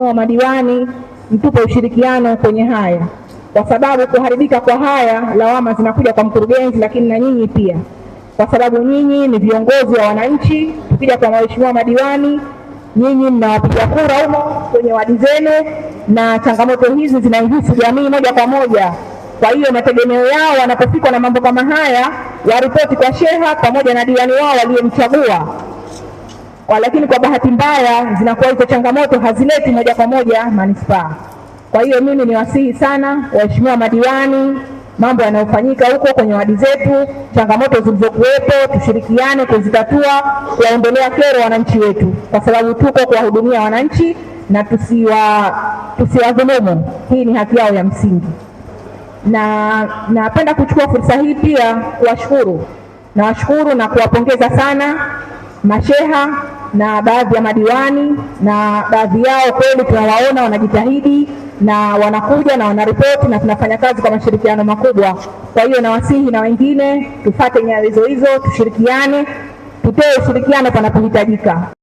wa madiwani mtupe ushirikiano kwenye haya, kwa sababu kuharibika kwa haya lawama zinakuja kwa mkurugenzi, lakini na nyinyi pia, kwa sababu nyinyi ni viongozi wa wananchi. Tukija kwa waheshimiwa madiwani, nyinyi mnawapiga kura humo kwenye wadi zenu, na changamoto hizi zinaihusu jamii moja kwa moja. Kwa hiyo mategemeo yao wanapofikwa na mambo kama haya, waripoti kwa sheha pamoja na diwani wao waliyemchagua lakini kwa bahati mbaya zinakuwa hizo changamoto hazileti moja kwa moja manispaa. Kwa hiyo mimi ni wasihi sana waheshimiwa madiwani, mambo yanayofanyika huko kwenye wadi zetu, changamoto zilizokuwepo, tushirikiane kuzitatua, kuwaondolea kero wananchi wetu, kwa sababu tuko kuwahudumia wananchi na tusiwa tusiwadhulumu. Hii ni haki yao ya msingi, na napenda kuchukua fursa hii pia kuwashukuru, nawashukuru na kuwapongeza sana masheha na baadhi ya madiwani na baadhi yao kweli tunawaona wanajitahidi na wanakuja na wanaripoti na tunafanya kazi kwa mashirikiano makubwa. Kwa hiyo nawasihi na wengine tufate nyayo hizo hizo, tushirikiane, tutoe ushirikiano panapohitajika.